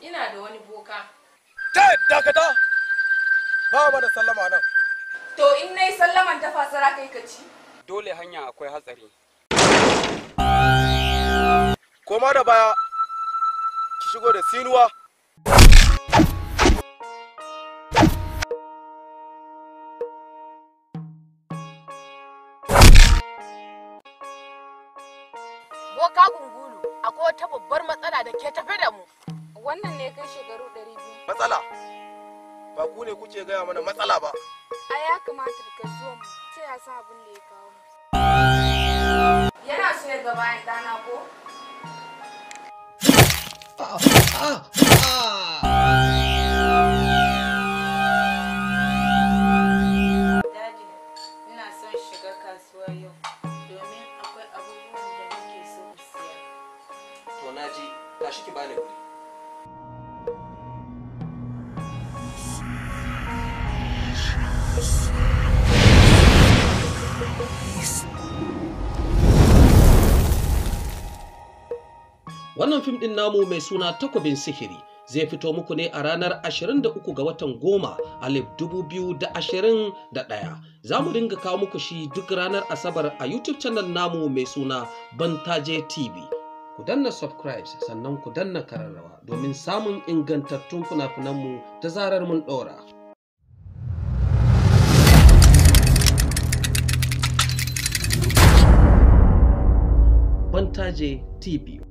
Ina da wani boka. Ta dakata! Ba ba da sallama nan. To in na yi sallaman ta fasara kai ka ci? Dole hanya akwai hatsari. Koma da baya, ki shigo da sinuwa. ka gungulu akwai wata babbar matsala da ke tafi da mu wannan ne kai shekaru ɗari biyu matsala ba ku ne kuke gaya mana matsala ba a ya kamata ka zo mu ce ya sa abin da ya kawo yana so ya gaba ya dana ko Daji, ina son shiga kasuwa yau domin na ji shi ki bani wuri. Wannan fim ɗin namu mai suna takobin sihiri zai fito muku ne a ranar 23 ga watan goma alif 2021 za mu dinga kawo muku shi duk ranar asabar a YouTube channel namu mai suna Bantaje TV. ku danna subscribe sannan ku danna kararrawa domin samun ingantattun fina ta zarar mun ɗora. Bantaje TV